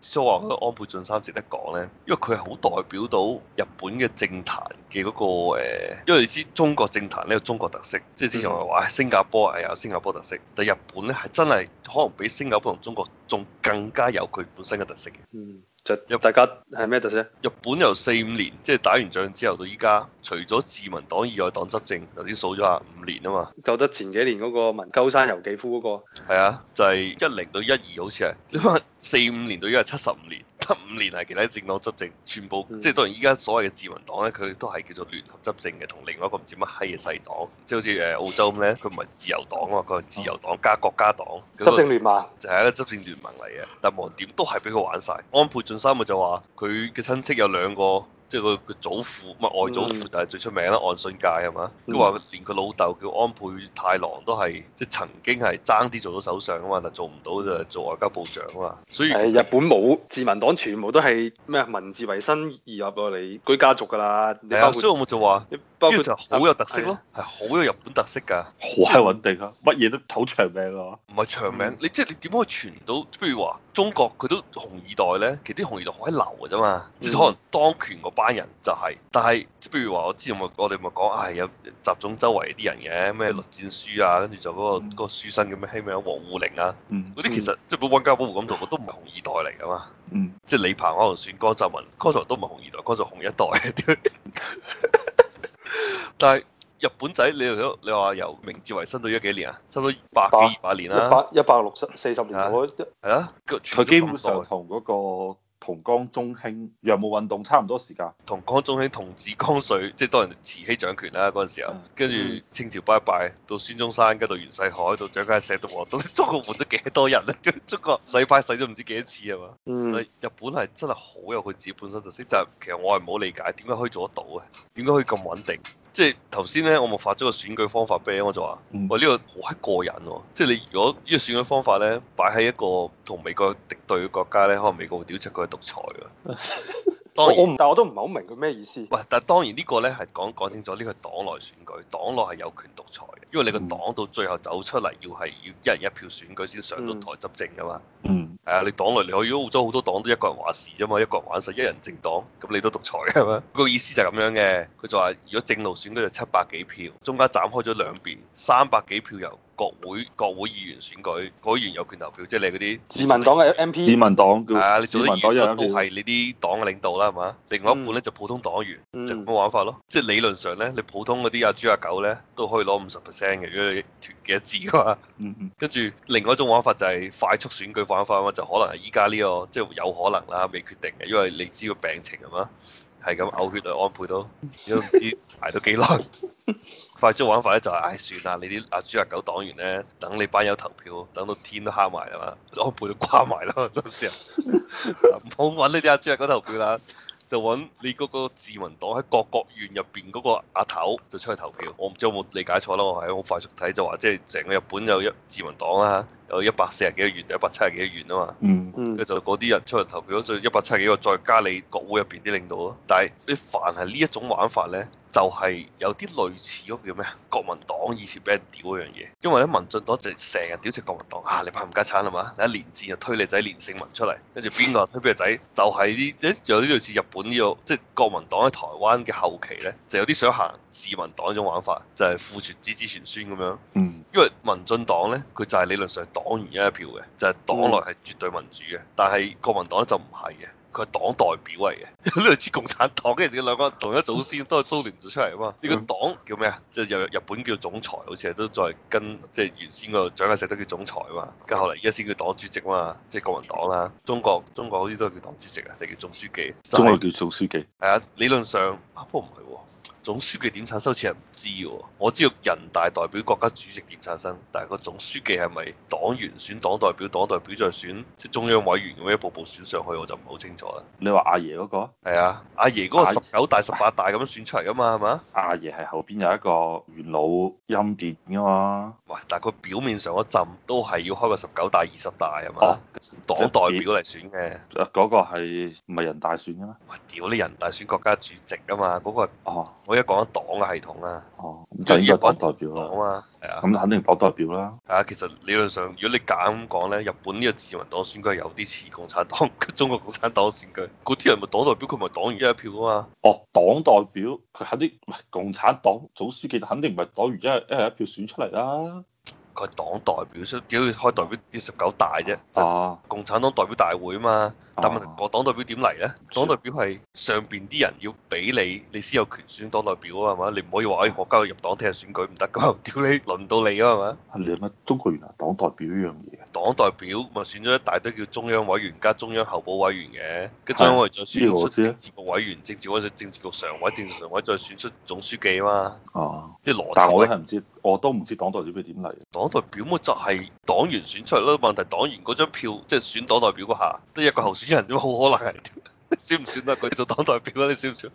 所以得安倍晉三值得講呢，因為佢係好代表到日本嘅政壇嘅嗰、那個、呃、因為你知中國政壇呢有中國特色，即、就、係、是、之前我哋話新加坡係有新加坡特色，但日本呢係真係可能比新加坡同中國仲更加有佢本身嘅特色嘅。嗯。就日大家係咩特色？日本由四五年，即係打完仗之後到依家，除咗自民黨以外黨執政，頭先數咗下五年啊嘛。覺得前幾年嗰個鳩山由紀夫嗰個係啊，就係一零到一二，好似係四五年到依家七十五年。五年係其他政黨執政，全部即係當然依家所謂嘅自民黨咧，佢都係叫做聯合執政嘅，同另外一個唔知乜閪嘅細黨，即係好似誒澳洲咁咧，佢唔係自由黨啊嘛，佢係自由黨加國家黨執政聯盟，就係一個執政聯盟嚟嘅。但無論點，都係俾佢玩晒。安倍晉三咪就話，佢嘅親戚有兩個。即係佢佢祖父，唔係外祖父，就係最出名啦。岸信介係嘛？佢話、嗯、連佢老豆叫安倍太郎都係，即係曾經係爭啲做到首相啊嘛，但做唔到就做外交部長啊嘛。所以誒，日本冇自民黨全部都係咩明治維新而入落嚟貴家族㗎啦。啊，所以我就話呢啲就好有特色咯，係好有日本特色㗎。好閪穩定啊，乜嘢都好長命喎。唔係長命，嗯、你即係你點可以傳到？譬如話中國佢都紅二代咧，其實啲紅二代好閪流㗎啫嘛，即係可能當權班人就係，但係即譬如話我之前咪我哋咪講，係有習總周圍啲人嘅，咩栗戰書啊，跟住就嗰個嗰個書生咁樣，希微王滬寧啊，嗰啲其實即係冇溫家寶咁做，都唔係紅二代嚟噶嘛，即係李鵬可能算，江澤民，江澤都唔係紅二代，江澤紅一代。但係日本仔，你又你話由明治維新到依家幾年啊？差唔多百幾二百年啦，百一百六十四十年代，係啊，佢基本上同嗰個。同治中興洋務運動差唔多時間，同治中興、同治江水，即係當人慈禧掌權啦嗰陣時候，跟住、嗯、清朝拜拜到孫中山，跟住袁世凱到蔣介石德和，到中國換咗幾多人咧？中國洗牌洗咗唔知幾多次係嘛？所、嗯、日本係真係好有佢自己本身特色，但係其實我係唔好理解點解可以做得到嘅，點解可以咁穩定。即係頭先咧，我咪發咗個選舉方法俾我，我就話：嗯、我呢個好閪過癮喎、啊！即係你如果呢個選舉方法咧，擺喺一個同美國敵對嘅國家咧，可能美國會屌柒佢係獨裁㗎、啊。 我唔，我但我都唔係好明佢咩意思。喂，但係當然呢個咧，係講講清楚，呢個黨內選舉，黨內係有權獨裁嘅，因為你個黨到最後走出嚟要係要一人一票選舉先上到台執政㗎嘛，嗯。嗯。係啊，你黨內你可以澳洲好多黨都一個人話事啫嘛，一個人玩曬一人政黨，咁你都獨裁嘅。個意思就係咁樣嘅，佢就話如果正路選舉就七百幾票，中間斬開咗兩邊三百幾票又。國會國會議員選舉，國會議員有權投票，即係你嗰啲自民黨嘅 M P，自民黨叫，啊，你做咗議員都係你啲黨嘅領導啦，係嘛？另外一半咧就普通黨員，嗯、就咁玩法咯。即、就、係、是、理論上咧，你普通嗰啲阿豬阿、啊、狗咧都可以攞五十 percent 嘅，如果你團幾多字啊嘛。跟住、嗯、另外一種玩法就係快速選舉玩法啊嘛，就可能係依家呢個即係、就是、有可能啦，未決定嘅，因為你知個病情係嘛？係咁嘔血嚟，安倍都，都唔知挨到幾耐。快速玩法咧就係，唉、哎、算啦，你啲阿豬阿狗黨員咧，等你班友投票，等到天都黑埋嘛。安倍都掛埋啦，到時候。唔好揾呢啲阿豬阿狗投票啦，就揾你嗰個自民黨喺各國院入邊嗰個阿頭就出去投票。我唔知有冇理解錯啦，我喺好快速睇就話，即係成個日本有一自民黨啦。有一百四十幾億元定一百七十幾億元啊嘛，嗯嗯、mm，跟、hmm。就嗰啲人出嚟投票咗，就一百七十幾，我再加你國會入邊啲領導咯。但係啲凡係呢一種玩法咧，就係、是、有啲類似叫咩啊？國民黨以前俾人屌嗰樣嘢，因為咧民進黨就成日屌住國民黨啊，你怕冚家鏟係嘛？你一連戰就推你仔連勝文出嚟，跟住邊個推邊個仔，就係、是、啲有啲類似日本呢、這個，即、就、係、是、國民黨喺台灣嘅後期咧，就有啲想行自民黨嗰種玩法，就係、是、父傳子，子子傳孫咁樣。Mm hmm。因為民進黨咧，佢就係理論上。黨員一票嘅，就係、是、黨內係絕對民主嘅。但係國民黨就唔係嘅，佢係黨代表嚟嘅。你又知共產黨，跟住兩個同一祖先都係蘇聯做出嚟啊嘛。呢、嗯、個黨叫咩啊？即係日日本叫總裁，好似係都再跟即係、就是、原先個蔣介石都叫總裁啊嘛。跟住後嚟而家先叫黨主席啊嘛，即、就、係、是、國民黨啦。中國中國嗰啲都係叫黨主席啊，定叫總書記？就是、中國叫總書記。係啊，理論上啊，不唔係喎。總書記點產生？似係唔知喎。我知道人大代表、國家主席點產生，但係個總書記係咪黨員選黨代表，黨代表再選即中央委員咁一步步選上去，我就唔好清楚啦。你話阿爺嗰個？係啊，阿爺嗰個十九大、十八大咁樣選出嚟噶嘛，係嘛？阿爺係後邊有一個元老欽點噶嘛。喂，但係佢表面上嗰陣都係要開個十九大、二十大係嘛？哦，黨代表嚟選嘅。誒、欸，嗰個係唔係人大選嘅咩？喂，屌你人大選國家主席啊嘛，嗰個哦。一講一黨嘅系統啊，哦，就應該係黨代表咯，係啊，咁肯定黨代表啦。係啊，其實理論上，如果你夾硬咁講咧，日本呢個自民黨選舉係有啲似共產黨，中國共產黨選舉，嗰啲人咪黨代表，佢咪黨員一票啊嘛。哦，黨代表，佢肯定唔係共產黨總書記，就肯定唔係黨員一一人一票選出嚟啦、啊。佢係黨代表出，主要開代表十九大啫，就是、共產黨代表大會啊嘛。但問題，個黨代表點嚟咧？黨代表係上邊啲人要俾你，你先有權選黨代表啊嘛。你唔可以話，哎，我加入入黨聽日選舉唔得噶，屌你，輪到你啊嘛。係你乜？中國原來黨代表呢樣嘢？黨代表咪選咗一大堆叫中央委員加中央候補委員嘅，跟住的再選出政治個委員，政治委員政治局常委，政治常委再選出總書記啊嘛。哦、啊。即邏輯。但我係唔知。我都唔知黨代表點嚟，黨代表咪就係黨員選出嚟咯。問題黨員嗰張票即係、就是、選黨代表嗰下，都一個候選人啫，好可能？ 選唔選得佢做黨代表你選唔選？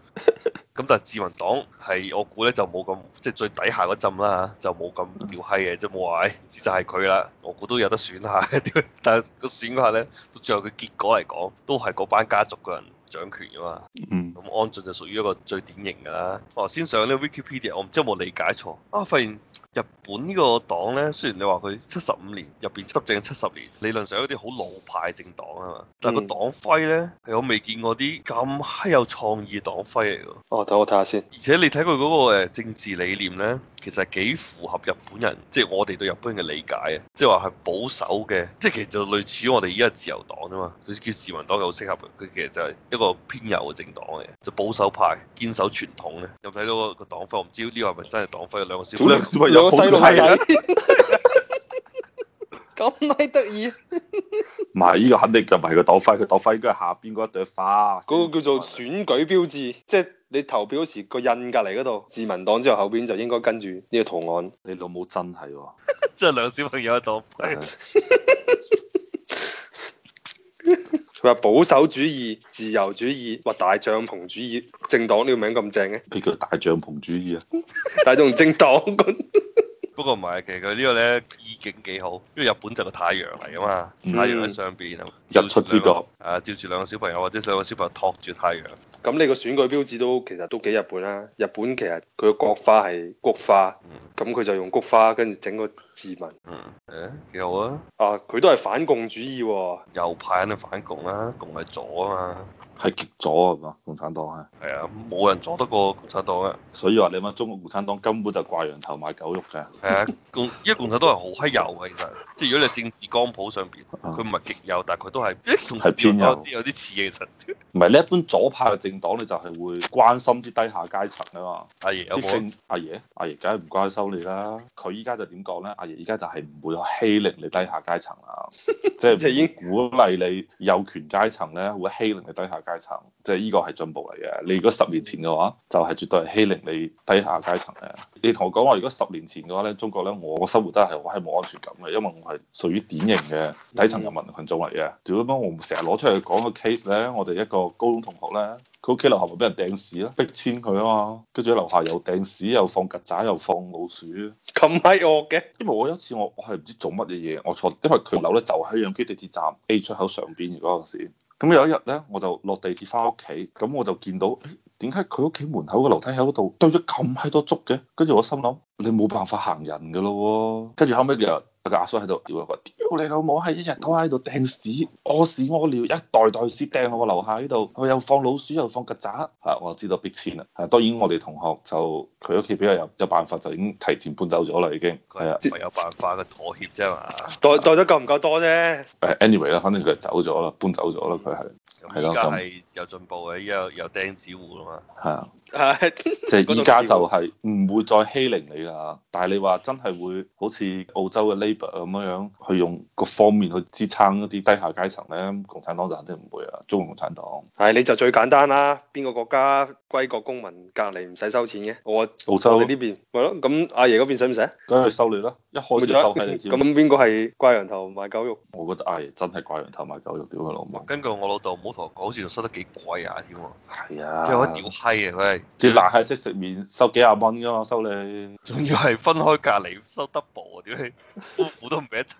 咁 但係自民黨係我估咧就冇咁即係最底下嗰陣啦就冇咁屌閪嘅啫。冇話，就係佢啦。我估都有得選下， 但係個選下咧，到最後嘅結果嚟講，都係嗰班家族嘅人。掌權噶嘛，咁、嗯、安進就屬於一個最典型噶啦。我先上呢個 Wikipedia，我唔知有冇理解錯。啊，發現日本呢個黨咧，雖然你話佢七十五年入邊執政七十年，理論上有啲好老派政黨啊嘛，但係個黨徽咧係、嗯、我未見過啲咁閪有創意黨徽嚟㗎。哦，等我睇下先。而且你睇佢嗰個政治理念咧，其實係幾符合日本人，即、就、係、是、我哋對日本人嘅理解啊，即係話係保守嘅，即、就、係、是、其實就類似於我哋依家自由黨啫嘛。佢叫自民黨好適合佢，其實就係一個。個偏右嘅政黨嘅，就保守派，堅守傳統咧。有睇到個黨徽，我唔知呢個係咪真係黨徽？兩個小朋友，咁咪得意？唔係，呢個，呢個肯定就唔係個黨徽，個黨徽應該係下邊嗰一朵花。嗰個叫做選舉標誌，即係 你投票時個印隔籬嗰度。自民黨之後，後邊就應該跟住呢個圖案。你老母真係，即係兩小朋友一黨 佢話保守主義、自由主義或大帳篷主義政黨呢個名咁正嘅？譬如大帳篷主義啊，大眾政黨咁。不過唔係，其實佢呢個咧意境幾好，因為日本就個太陽嚟啊嘛，太陽喺上邊啊嘛。嗯日出之國，啊、嗯，照住兩個小朋友或者上個小朋友托住太陽。咁你個選舉標誌都其實都幾日本啦、啊。日本其實佢個國花係菊花，咁佢就用菊花跟住整個字文。嗯，誒、嗯欸，幾好啊。啊，佢都係反共主義喎、啊。右派肯定反共啦、啊，共係左啊嘛。係極左啊嘛，共產黨啊。係啊，冇人阻得過共產黨啊。所以話你問中國共產黨根本就掛羊頭賣狗肉㗎。係啊，因共 因共產黨係好閪右嘅，其實即係如果你政治光譜上邊，佢唔係極右，但係佢都。係，同偏左啲有啲似嘅，其實。唔係，你一般左派嘅政黨你就係會關心啲低下階層啊嘛。阿爺有有，阿阿爺，阿爺梗係唔關心你啦。佢依家就點講咧？阿爺而家就係唔會欺凌你低下階層啦，即係已經鼓勵你有權階層咧會欺凌你低下階層，即係呢個係進步嚟嘅。你如果十年前嘅話，就係、是、絕對係欺凌你低下階層嘅。你同我講話，如果十年前嘅話咧，中國咧，我個生活都係我係冇安全感嘅，因為我係屬於典型嘅底層人民群眾嚟嘅。如果咁，我唔成日攞出嚟講個 case 咧，我哋一個高中同學咧，佢屋企樓下咪俾人掟屎咯，逼遷佢啊嘛，跟住喺樓下又掟屎又放曱甴又放老鼠，咁閪惡嘅。因為我有一次我我係唔知做乜嘢嘢，我坐，因為佢樓咧就喺楊箕地鐵站 A 出口上邊嗰陣時，咁有一日咧我就落地鐵翻屋企，咁我就見到，欸，點解佢屋企門口個樓梯喺嗰度堆咗咁閪多竹嘅，跟住我心諗你冇辦法行人噶咯喎，跟住後尾日。個阿叔喺度屌個，屌你老母閪！一日都喺度掟屎屙屎屙尿，一袋袋屎掟我我樓下呢度，又放老鼠又放曱甴，吓，我知道逼錢啦。當然我哋同學就佢屋企比較有有辦法，就已經提前搬走咗啦，已經係啊，有辦法嘅妥協啫嘛。袋袋得夠唔夠多啫？誒，anyway 啦，反正佢走咗啦，搬走咗啦，佢係。依家係有進步嘅，因為有，有釘子戶啦嘛。係啊。係，即係依家就係唔會再欺凌你啦。但係你話真係會好似澳洲嘅 Labour 咁樣，去用各方面去支撐一啲低下階層咧，共產黨就肯定唔會啦。中共共產黨係你就最簡單啦，邊個國家歸國公民隔離唔使收錢嘅？我澳洲你呢邊，係、嗯、咯。咁阿爺嗰邊使唔使？梗係收你啦，一開始收係點？咁邊個係掛羊頭賣狗肉？我覺得阿爺真係掛羊頭賣狗肉，屌佢老母！根據我老豆，冇同我講，好似收得幾貴啊，添。係啊，即係我屌閪啊，佢係。啲辣閪即食麵收幾廿蚊噶嘛，收你，仲要係分開隔離收 double，點解夫婦都唔俾一齊？